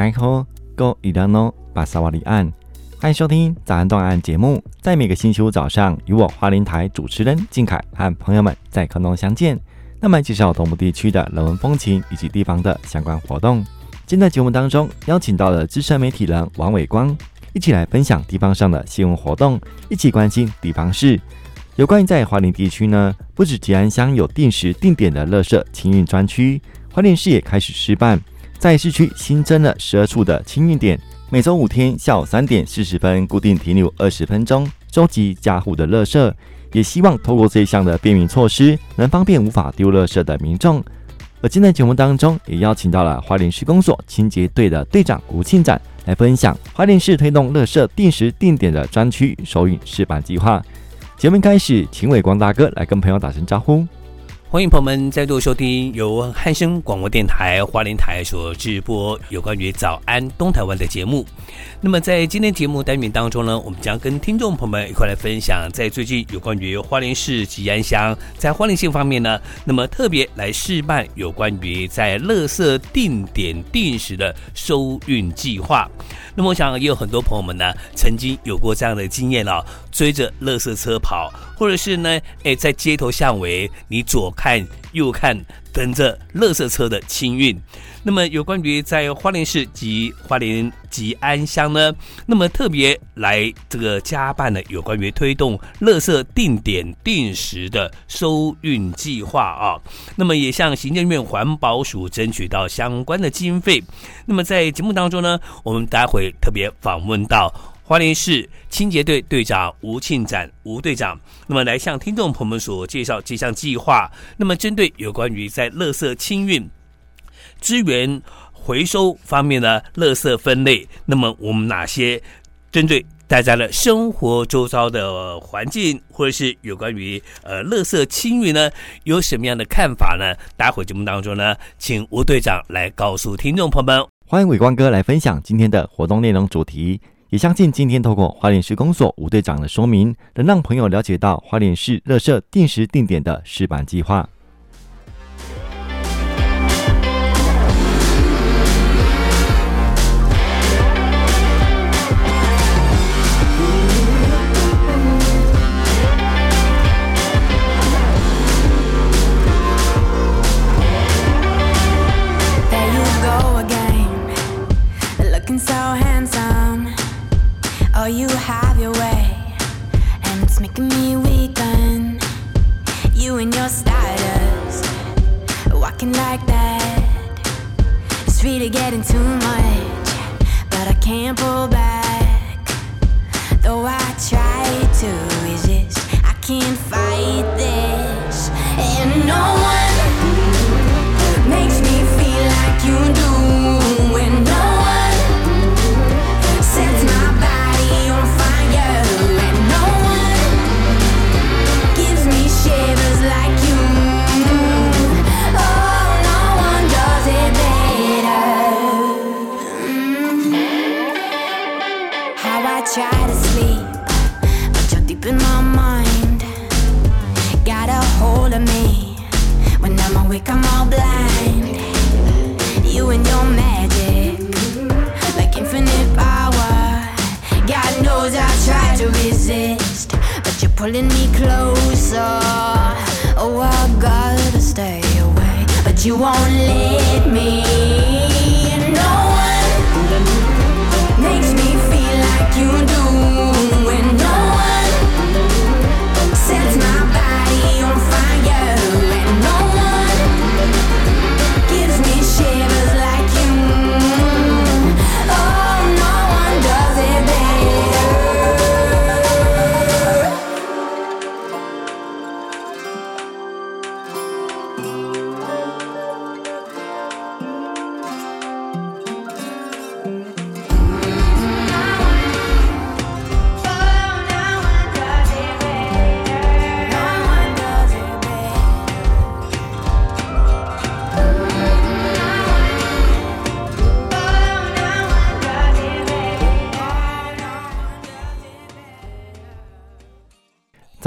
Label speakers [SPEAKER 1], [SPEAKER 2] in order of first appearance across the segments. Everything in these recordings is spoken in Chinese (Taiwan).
[SPEAKER 1] m i c h 大家好，我是伊良諾，巴薩瓦里安。歡迎收聽《早安檔案》節目，在每個星期五早上，與我花蓮台主持人靜凱和朋友們在空中相見。那麼介紹東部地區的人文風情以及地方的相關活動。今天的節目當中，邀請到了資深媒體人王偉光，一起來分享地方上的新聞活動，一起關心地方事。有關於在花蓮地區呢，不止吉安鄉有定時定點的垃圾清運專區，花蓮市也開始試辦。在市區新增了十二處的清運點，每週五天下午三點四十分固定停留二十分鐘，收集家戶的垃圾。也希望透過這項的便民措施，能方便無法丟垃圾的民眾。而今天節目當中也邀請到了花蓮市公所清潔隊的隊長吳慶展來分享花蓮市推動垃圾定時定點的專區收運試辦計畫。節目開始，請偉光大哥來跟朋友打聲招呼。
[SPEAKER 2] 歡迎朋友們再度收聽由漢聲廣播電台花蓮台所直播有關於早安東台灣的節目。那麼在今天節目單元當中呢，我們將跟聽眾朋友們一塊來分享在最近有關於花蓮市吉安鄉在花蓮縣方面呢，那麼特別來示範有關於在垃圾定點定時的收運計劃。那麼我想也有很多朋友們呢，曾經有過這樣的經驗了。追着垃圾車跑，或者是呢，哎、欸，在街頭巷尾，你左看右看，等着垃圾車的清運。那麼有關於在花蓮市及花蓮吉安鄉呢，那麼特別來這個加辦了有關於推動垃圾定點定時的收運計劃啊。那麼也向行政院環保署爭取到相關的經費。那麼在節目當中呢，我們待會特別訪問到。花蓮市清潔隊隊長吳慶展吳隊長，那麼來向聽眾朋友們所介紹這項計劃。那麼針對有關於在垃圾清運、資源回收方面的垃圾分類，那麼我們哪些針對大家的生活周遭的環境，或者是有關於呃垃圾清運呢，有什麼樣的看法呢？待會節目當中呢，請吳隊長來告訴聽眾朋友們。
[SPEAKER 1] 歡迎偉光哥來分享今天的活動內容主題。也相信今天透過花蓮市公所吳隊長的說明，能讓朋友了解到花蓮市垃圾定時定點的試辦計劃。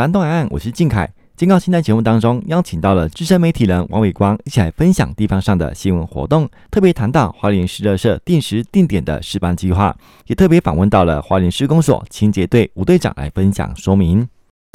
[SPEAKER 1] 南東海岸，我是靖凱。今天在節目當中邀請到了資深媒體人，王偉光一起來分享地方上的新聞活動，特別談到花蓮市垃圾定時定點的試辦計畫，也特別訪問到了花蓮市公所清潔隊吳隊長來分享說明。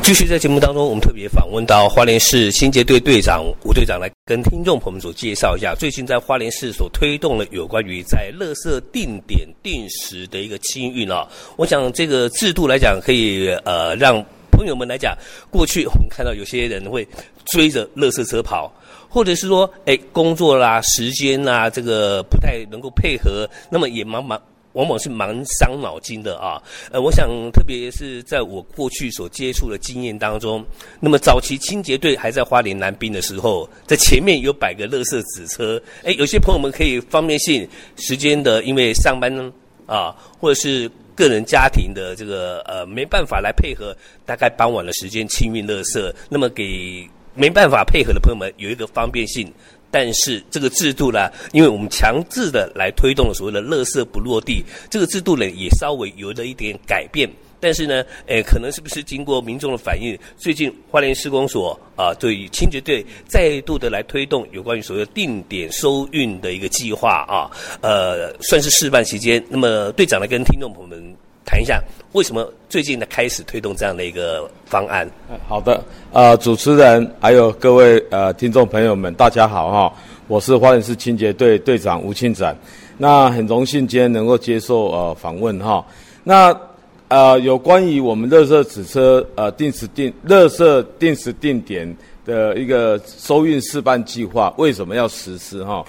[SPEAKER 2] 繼續在節目當中，我們特別訪問到花蓮市清潔隊隊長吳隊長來跟聽眾朋友們所介紹一下，最近在花蓮市所推動了有關於在垃圾定點定時的一個清運啊，我想這個制度來講，可以呃讓。朋友們來講，過去我們看到有些人會追着垃圾車跑，或者是說，誒、哎、工作啦、時間啦，這個不太能夠配合，那麼也蠻蠻往往是蠻傷腦筋的啊。呃，我想特別是在我過去所接觸的經驗當中，那麼早期清潔隊還在花蓮南濱的時候，在前面有擺個垃圾紙車，誒、哎，有些朋友們可以方便性時間的，因為上班啊，或者是。個人家庭的這個呃沒辦法來配合，大概傍晚的時間清運垃圾，那麼給沒辦法配合的朋友們有一個方便性，但是這個制度呢，因為我們強制的來推動了所謂的垃圾不落地，這個制度呢，也稍微有了一點改變。但是呢，誒，可能是不是經過民眾的反映？最近花蓮施工所啊、呃，對於清潔隊再度的來推動有關於所謂定點收運的一個計劃啊，呃，算是示範期間。那麼隊長來跟聽眾朋友們談一下，為什麼最近呢，開始推動這樣的一個方案？好
[SPEAKER 3] 的，呃，主持人還有各位呃聽眾朋友們，大家好哈、哦，我是花蓮市清潔隊隊長吳慶展，那很榮幸今天能夠接受呃訪問哈、哦，那。呃，有關於我們樂色紙車呃定時定樂色定時定點的一個收運試辦計劃，為什麼要實施哈？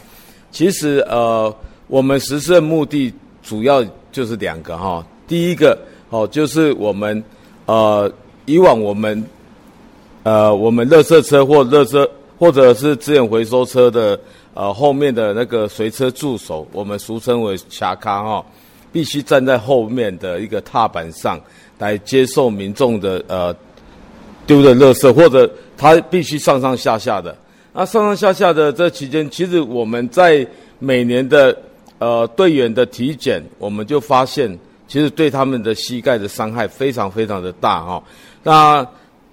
[SPEAKER 3] 其實呃，我們實施的目的主要就是兩個哈。第一個哦，就是我們呃以往我們呃我們樂色車或樂色或者是資源回收車的呃後面的那個隨車助手，我們俗稱為俠咖哈。必須站在後面的一個踏板上來接受民眾的呃丟的垃圾，或者他必須上上下下的。那上上下下的這期間，其實我們在每年的呃隊員的體檢，我們就發現其實對他們的膝蓋的傷害非常非常的大哈。那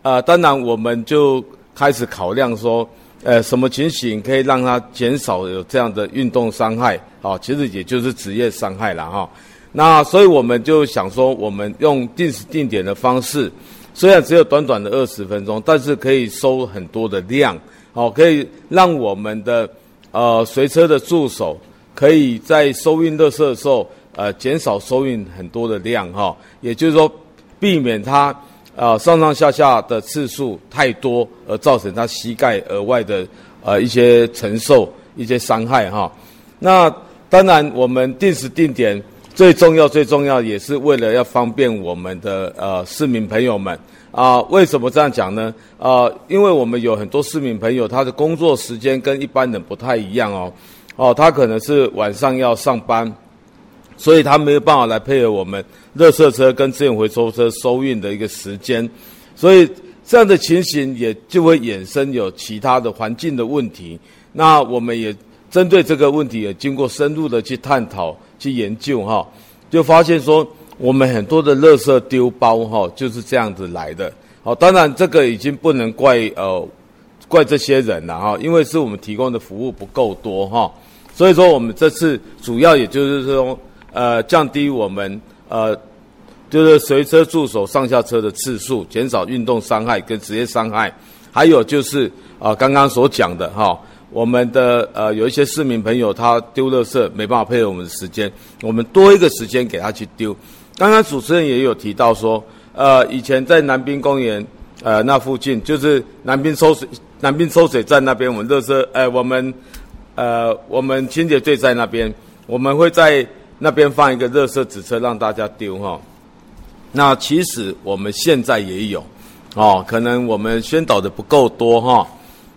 [SPEAKER 3] 呃，當然我們就開始考量說。呃，什麼情形可以讓他減少有這樣的運動傷害？哦，其實也就是職業傷害了哈、哦。那所以我們就想說，我們用定時定點的方式，雖然只有短短的二十分鐘，但是可以收很多的量，哦，可以讓我們的呃隨車的助手可以在收運垃圾的時候，呃，減少收運很多的量哈、哦。也就是說，避免他。啊，上上下下的次數太多，而造成他膝蓋額外的呃一些承受一些傷害哈、哦。那當然，我們定時定點最重要，最重要也是為了要方便我們的呃市民朋友們啊。為什麼這樣講呢？啊，因為我們有很多市民朋友，他的工作時間跟一般人不太一樣哦。哦，他可能是晚上要上班。所以他沒有辦法來配合我們垃圾車跟資源回收車收運的一個時間，所以這樣的情形也就會衍生有其他的環境的問題。那我們也針對這個問題也經過深入的去探討、去研究哈，就發現說我們很多的垃圾丟包哈就是這樣子來的。好，當然這個已經不能怪呃怪這些人了哈，因為是我們提供的服務不夠多哈。所以說我們這次主要也就是說。呃，降低我們呃，就是隨車助手上下車的次數，減少運動傷害跟職業傷害。還有就是啊、呃，剛剛所講的哈、哦，我們的呃，有一些市民朋友他丟垃圾沒辦法配合我們的時間，我們多一個時間給他去丟。剛剛主持人也有提到說，呃，以前在南濱公園呃那附近，就是南濱抽水南濱抽水站那邊，我們垃圾呃我們呃我們清潔隊在那邊，我們會在。那邊放一個垃圾子車，讓大家丟哈，那其實我們現在也有，哦，可能我們宣導的不夠多哈。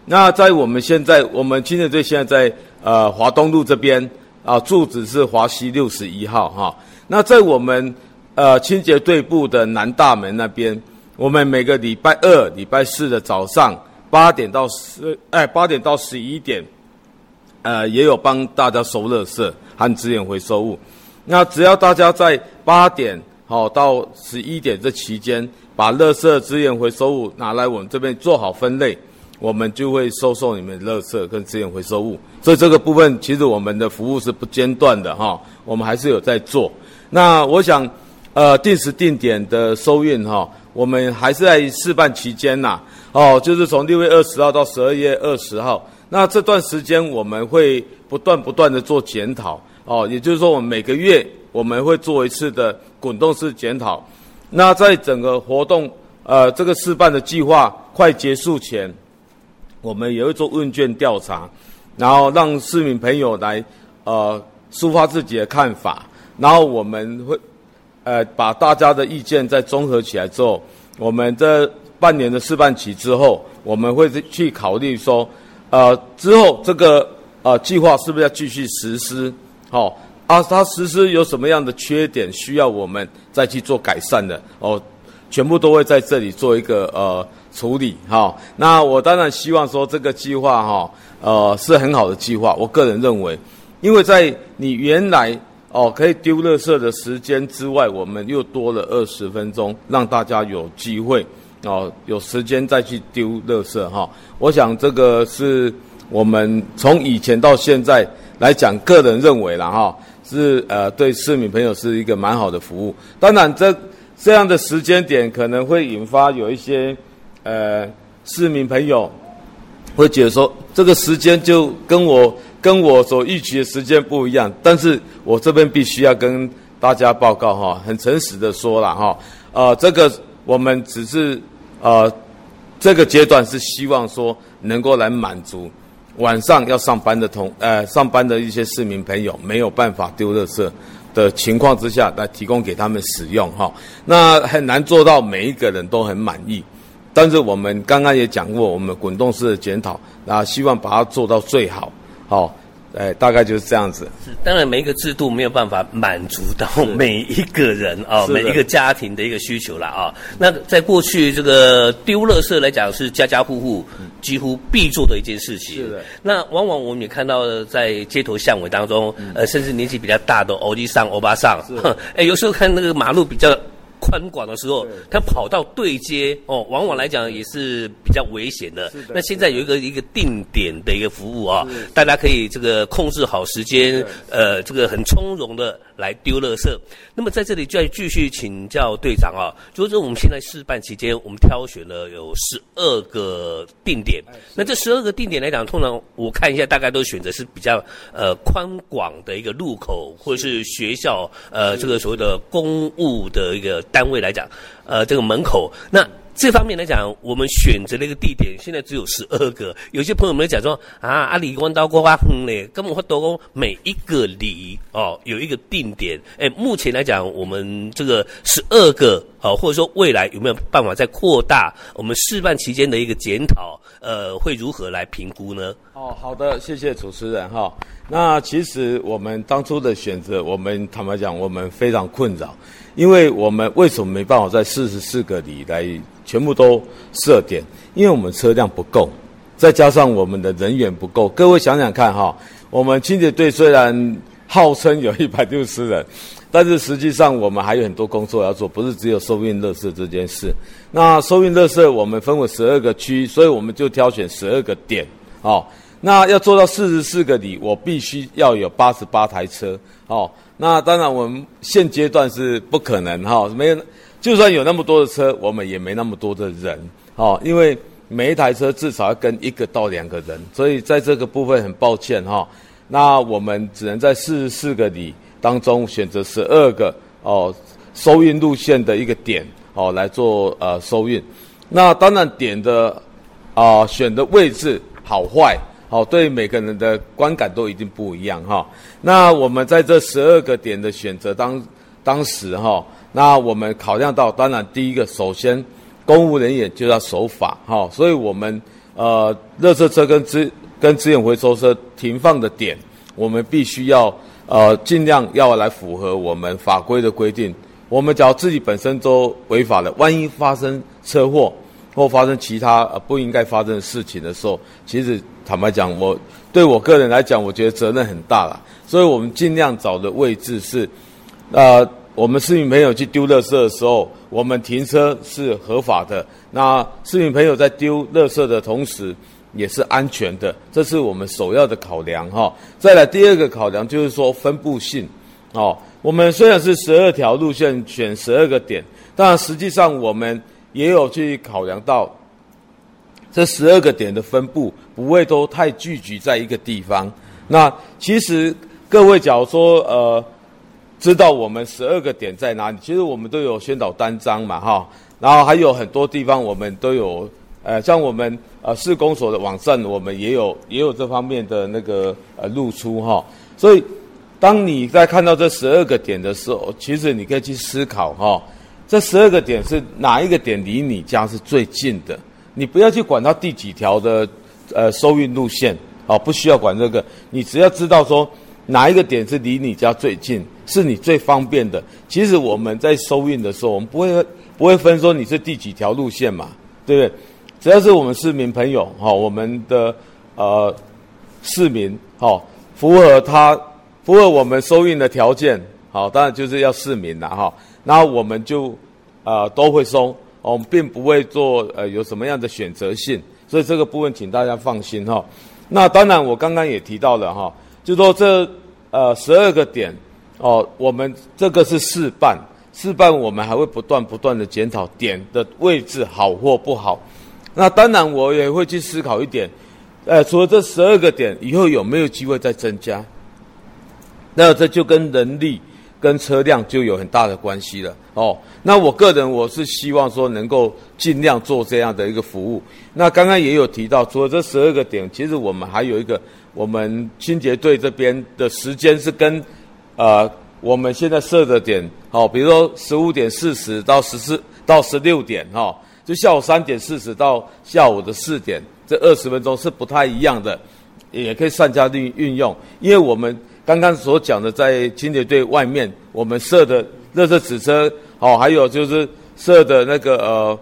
[SPEAKER 3] 那在我們現在，我們清潔隊現在在呃華東路這邊啊，住址是華西六十一號哈。那在我們呃清潔隊部的南大門那邊，我們每個禮拜二、禮拜四的早上八點到十哎八點到十一點，呃，也有幫大家收垃圾，和資源回收物，那只要大家在八點哦，到十一點這期間，把垃圾資源回收物拿來我們這邊做好分類，我們就會收受你們垃圾跟資源回收物。所以這個部分其實我們的服務是不間斷的哈，我們還是有在做。那我想呃定時定點的收運哈，我們還是在試辦期間吶，哦，就是從六月二十號到十二月二十號。那這段時間我們會不斷不斷地做檢討，哦，也就是說，我們每個月我們會做一次的滾動式檢討。那在整個活動，呃，這個示範的計劃快結束前，我們也會做問卷調查，然後讓市民朋友來，呃，抒發自己的看法。然後我們會，呃，把大家的意見再綜合起來之後，我們這半年的示範期之後，我們會去考慮說。呃，之後這個呃計劃是不是要繼續實施？好、哦，啊，它實施有什麼樣的缺點需要我們再去做改善的？哦，全部都會在這裡做一個呃處理。好、哦，那我當然希望說這個計劃哈、哦，呃，是很好的計劃。我個人認為，因為在你原來哦可以丟垃圾的時間之外，我們又多了二十分鐘，讓大家有機會。哦，有時間再去丟垃圾哈、哦。我想這個是我們從以前到現在來講，個人認為了哈、哦，是呃對市民朋友是一個蠻好的服務。當然這，這這樣的時間點可能會引發有一些呃市民朋友會覺得說，這個時間就跟我跟我所預期的時間不一樣。但是我這邊必須要跟大家報告哈、哦，很誠實的說了哈、哦，呃這個。我們只是，呃，這個階段是希望說能夠來滿足晚上要上班的同呃上班的一些市民朋友沒有辦法丟垃圾的情況之下來提供給他們使用哈，那很難做到每一個人都很滿意，但是我們剛剛也講過，我們滾動式的檢討，那，啊，希望把它做到最好，好。哎，大概就是這樣子。是，
[SPEAKER 2] 當然每一個制度沒有辦法滿足到每一個人啊，每一個家庭的一個需求了啊、哦。那在過去這個丟垃圾來講，是家家戶戶、嗯、幾乎必做的一件事情。的那往往我們也看到，在街頭巷尾當中，嗯、呃，甚至年紀比較大的歐吉桑、歐巴桑，哼的、欸、有時候看那個馬路比較。寬廣的時候，對他跑到對接哦，往往來講也是比較危險的。的的那現在有一個一個定點的一個服務啊、哦，的大家可以這個控制好時間，的呃，這個很從容的。來丟垃圾。那麼在這裡再繼續請教隊長啊，就是我們現在試辦期間，我們挑選了有十二個定點。哎、那這十二個定點來講，通常我看一下，大概都選擇是比較呃寬廣的一個路口，或者是學校呃這個所謂的公務的一個單位來講，呃這個門口那。這方面來講，我們選擇了一個地點，現在只有十二個。有些朋友們都講說啊，阿里彎刀鍋花葷嘞，根本花多過、嗯、說每一個里哦，有一個定點。哎，目前來講，我們這個十二個哦，或者說未來有沒有辦法再擴大？我們示範期
[SPEAKER 3] 間的一個檢討，呃，會如何來評估呢？哦，好的，謝謝主持人哈、哦。那其實我們當初的選擇，我們坦白講，我們非常困擾，因為我們為什麼沒辦法在四十四個里來？全部都設點，因為我們車輛不夠，再加上我們的人員不夠。各位想想看哈，我們清潔隊雖然號稱有一百六十人，但是實際上我們還有很多工作要做，不是只有收運垃圾這件事。那收運垃圾我們分為十二個區，所以我們就挑選十二個點哦。那要做到四十四個里，我必須要有八十八台車哦。那當然我們現階段是不可能哈、哦，沒有。就算有那麼多的車，我們也沒那麼多的人，哦，因為每一台車至少要跟一個到兩個人，所以在這個部分很抱歉哈、哦。那我們只能在四十四個里當中選擇十二個哦收運路線的一個點哦來做呃收運。那當然點的啊、呃、選的位置好壞哦對每個人的觀感都一定不一樣哈、哦。那我們在這十二個點的選擇當當時哈。哦那我們考量到，當然第一個，首先公務人員就要守法哈，所以我們呃，垃圾車跟資跟資源回收車停放的點，我們必須要呃盡量要來符合我們法規的規定。我們只要自己本身都違法了，萬一發生車禍或發生其他不應該發生的事情的時候，其實坦白講，我對我個人來講，我覺得責任很大了。所以我們盡量找的位置是，呃。我們市民朋友去丟垃圾的時候，我們停車是合法的。那市民朋友在丟垃圾的同時，也是安全的，這是我們首要的考量哈、哦。再來第二個考量就是說分布性哦。我們雖然是十二條路線選十二個點，但實際上我們也有去考量到這十二個點的分布不會都太聚集在一個地方。那其實各位假如說呃。知道我們十二個點在哪裡？其實我們都有宣導單張嘛，哈。然後還有很多地方我們都有，呃，像我們呃市公所的網站，我們也有也有這方面的那個呃露出哈、哦。所以，當你在看到這十二個點的時候，其實你可以去思考哈、哦，這十二個點是哪一個點離你家是最近的？你不要去管它第幾條的呃收運路線，啊、哦，不需要管這個，你只要知道說。哪一個點是離你家最近，是你最方便的？其實我們在收運的時候，我們不會不會分說你是第幾條路線嘛，對不對？只要是我們市民朋友哈，我們的呃市民哈，符合他符合我們收運的條件，好，當然就是要市民了哈。那我們就啊都會收，我們並不會做呃有什麼樣的選擇性，所以這個部分請大家放心哈。那當然我剛剛也提到了哈。就是說這呃十二個點哦，我們這個是試辦。試辦，我們還會不斷不斷的檢討點的位置好或不好。那當然我也會去思考一點，呃，除了這十二個點，以後有沒有機會再增加？那這就跟人力跟車輛就有很大的關係了哦。那我個人我是希望說能夠盡量做這樣的一個服務。那剛剛也有提到，除了這十二個點，其實我們還有一個。我們清潔隊這邊的時間是跟呃我們現在設的點，好、哦，比如說十五點四十到十四到十六點哈、哦，就下午三點四十到下午的四點，這二十分鐘是不太一樣的，也可以善加運運用。因為我們剛剛所講的，在清潔隊外面我們設的垃圾子車，哦，還有就是設的那個呃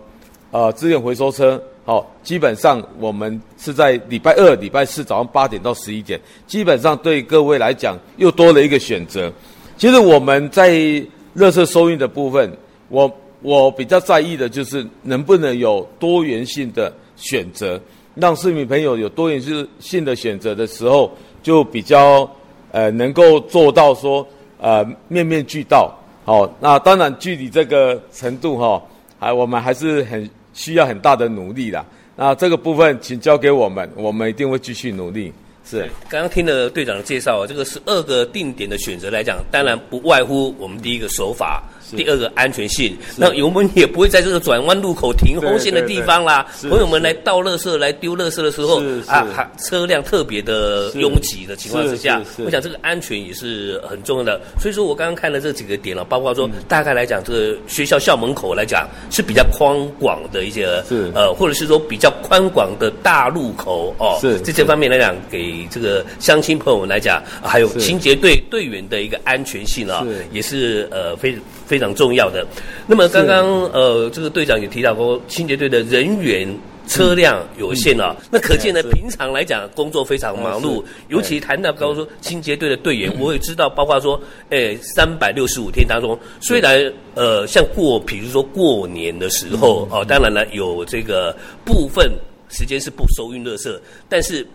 [SPEAKER 3] 呃資源回收車。好、哦，基本上我們是在禮拜二、禮拜四早上八點到十一點，基本上對各位來講又多了一個選擇。其實我們在垃圾收運的部分，我我比較在意的就是能不能有多元性的選擇，讓市民朋友有多元性性的選擇的時候，就比較呃能夠做到說呃面面俱到。好、哦，那當然距離這個程度哈、哦，還我們還是很。需要很大的努力的，那這個部分請交給我們，我們一定會繼續努力。是，剛
[SPEAKER 2] 剛聽了隊長的介紹，這個十二個定點的選擇來講，當然不外乎我們第一個手法。第二個安全性，是那我們也不會在這個轉彎路口停紅線的地方啦。對對對朋友們來倒垃圾、是來丟垃圾的時候啊，車輛特別的擁擠的情況之下，我想這個安全也是很重要的。所以說我剛剛看了這幾個點了，啊，包括說大概來講，這個學校校門口來講是比較寬廣的一些，是呃，或者是說比較寬廣的大路口哦。是，是這些方面來講，給這個鄉親朋友們來講，啊，還有清潔隊是隊員的一個安全性啊，是也是呃非。非常重要的。那麼剛剛是呃，這個隊長也提到過，清潔隊的人員車輛有限啊、哦。嗯嗯、那可見呢，是平常來講工作非常忙碌。啊、尤其談到，剛、嗯、說、嗯、清潔隊的隊員，我也知道，包括說，誒、哎，三百六十五天當中，雖然是呃，像過，比如說過年的時候啊、嗯嗯哦，當然了，有這個部分時間是不收運垃圾，但是。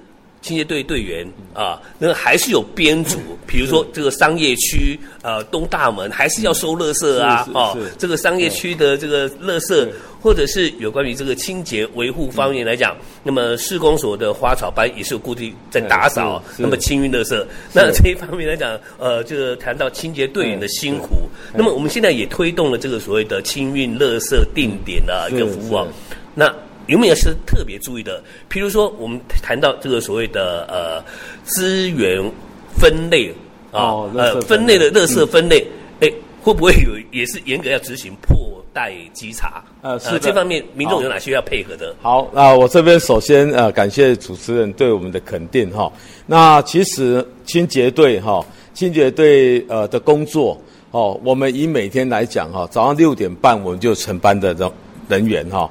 [SPEAKER 2] 清潔隊隊員啊，那還是有編組，比如說這個商業區，呃，東大門還是要收垃圾啊，是是是哦，這個商業區的這個垃圾，是是或者是有關於這個清潔維護方面來講，是是那麼市公所的花草班也是有固定在打掃，是是那麼清運垃圾，是是那這一方面來講，呃，這個談到清潔隊員的辛苦，是是那麼我們現在也推動了這個所謂的清運垃圾定點的啊，是是一個服務啊，那。有沒有是特別注意的？譬如說，我們談到這個所謂的呃資源分類啊，哦、分類呃分類的垃圾分類，哎、嗯欸，會不會有也是嚴格要執行破袋稽查？呃，是呃這方面民眾有哪些要配合的？好、好，那
[SPEAKER 3] 我這邊首先呃感謝主持人對我們的肯定哈、哦。那其實清潔隊哈，清潔隊呃的工作哦，我們以每天來講哈、哦，早上六點半我們就成班的。這種人員哈，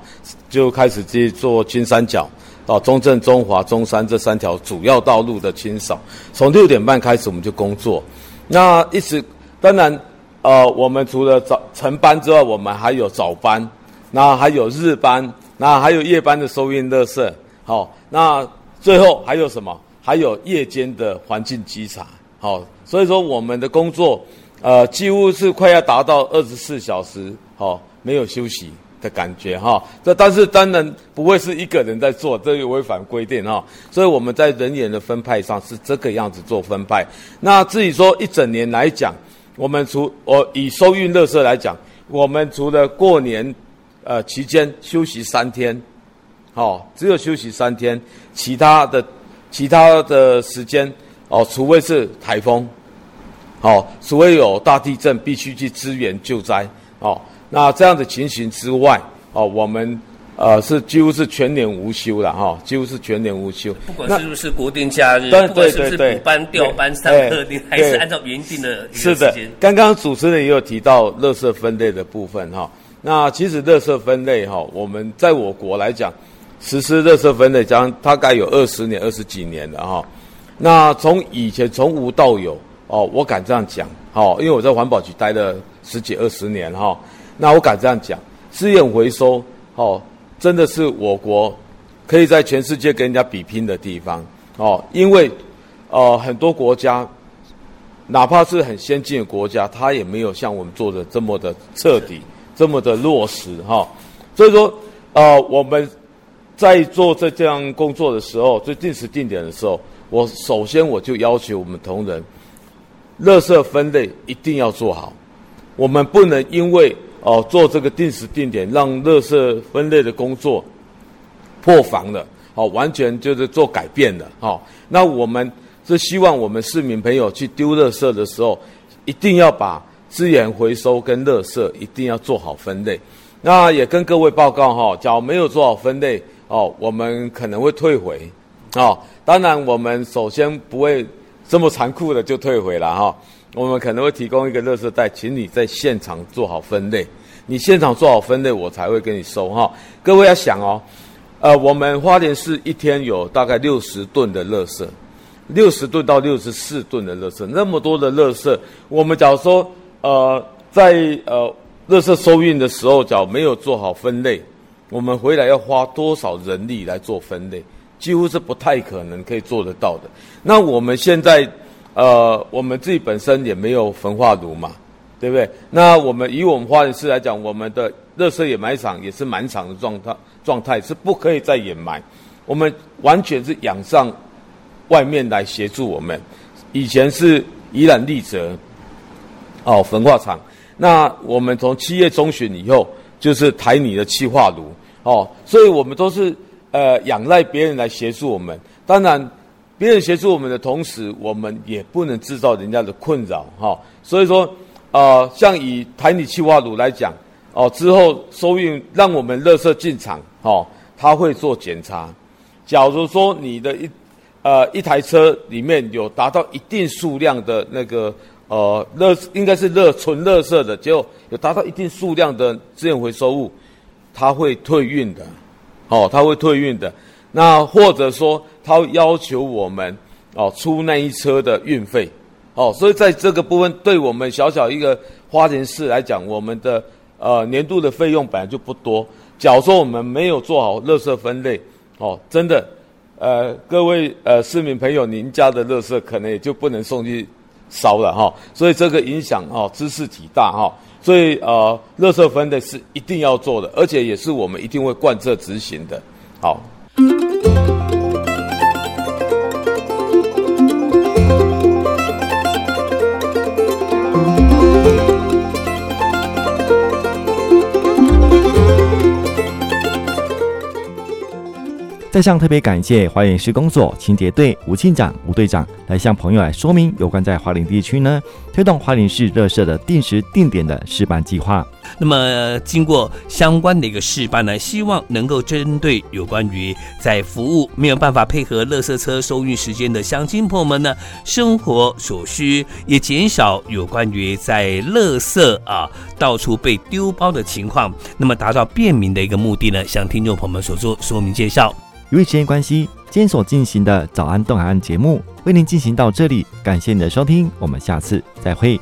[SPEAKER 3] 就開始去做金三角、到中正、中華、中山這三條主要道路的清掃。從六點半開始，我們就工作。那一直當然，呃，我們除了早晨班之外，我們還有早班，那還有日班，那還有夜班的收運垃圾，好，那最後還有什麼？還有夜間的環境稽查。好、哦，所以說我們的工作，呃，幾乎是快要達到二十四小時，好、哦，沒有休息。的感覺哈，這但是當然不會是一個人在做，這也違反規定哈。所以我們在人員的分派上是這個樣子做分派。那至於說一整年來講，我們除我以收運垃圾來講，我們除了過年呃期間休息三天，哦，只有休息三天，其他的其他的時間哦，除非是颱風，哦，除非有大地震必須去支援救災哦。那這樣的情形之外，哦，我們呃是幾乎是全年無休的哈，幾乎是全年無休。不
[SPEAKER 2] 管是不是國定假日，對對對對，不管是不是補班、調班、上課對，定還是按照原定的時間，是的。
[SPEAKER 3] 剛剛主持人也有提到垃圾分類的部分哈、哦。那其實垃圾分類哈、哦，我們在我國來講實施垃圾分類，講大概有二十年、二十幾年了哈、哦。那從以前從無到有哦，我敢這樣講哦，因為我在環保局待了十幾二十年哈。哦那我敢這樣講，資源回收哦，真的是我國可以在全世界跟人家比拼的地方哦，因為呃很多國家，哪怕是很先進的國家，它也沒有像我們做的這麼的徹底，這麼的落實哈、哦。所以說，呃我們在做這項工作的時候，就定時定點的時候，我首先我就要求我們同仁，垃圾分類一定要做好，我們不能因為。哦，做這個定時定點，讓垃圾分類的工作破防了，好、哦，完全就是做改變了，哈、哦。那我們是希望我們市民朋友去丟垃圾的時候，一定要把資源回收跟垃圾一定要做好分類。那也跟各位報告哈、哦，假如沒有做好分類，哦，我們可能會退回，哦。當然，我們首先不會這麼殘酷的就退回了，哈、哦。我們可能會提供一個垃圾袋，請你在現場做好分類。你現場做好分類，我才會跟你收哈。各位要想哦，呃，我們花蓮市一天有大概六十噸的垃圾，六十噸到六十四噸的垃圾，那麼多的垃圾，我們假如說呃，在呃垃圾收運的時候，假如沒有做好分類，我們回來要花多少人力來做分類，幾乎是不太可能可以做得到的。那我們現在。呃，我們自己本身也沒有焚化爐嘛，對不對？那我們以我們花蓮市來講，我們的垃圾掩埋場也是滿場的狀態，狀態是不可以再掩埋。我們完全是仰仗外面來協助我們。以前是宜蘭利澤哦焚化廠，那我們從七月中旬以後就是台泥的氣化爐哦，所以我們都是呃仰賴別人來協助我們。當然。別人協助我們的同時，我們也不能制造人家的困擾，哈、哦。所以說，呃，像以台泥氣化爐來講，哦，之後收運讓我們垃圾進場。哈、哦，他會做檢查。假如說你的一，呃，一台車裡面有達到一定數量的那個，呃，垃圾應該是垃，純垃圾的，就有達到一定數量的資源回收物，他會退運的，哦，他會退運的。那或者說。他要求我們哦，出那一車的運費哦，所以在這個部分，對我們小小一個花蓮市來講，我們的呃年度的費用本來就不多。假如說我們沒有做好垃圾分類哦，真的呃各位呃市民朋友，您家的垃圾可能也就不能送去燒了哈。所以這個影響哦，真是極大哈。所以呃，垃圾分類是一定要做的，而且也是我們一定會貫徹執行的，好。
[SPEAKER 1] 在向特別感謝花蓮市公所清潔隊吳慶展吳隊長來向朋友來說明有關在花蓮地區呢推動花蓮市垃圾的定時定點的試辦計劃。
[SPEAKER 2] 那麼、呃、經過相關的一個試辦呢，希望能夠針對有關於在服務沒有辦法配合垃圾車收運時間的鄉親朋友們呢，生活所需，也減少有關於在垃圾啊到處被丟包的情況，那麼達到便民的一個目的呢，向聽眾朋友們所做說，說明介紹。
[SPEAKER 1] 由於時間關係，今天所進行的《早安東海岸》節目為您進行到這裡，感謝您的收聽，我們下次再會。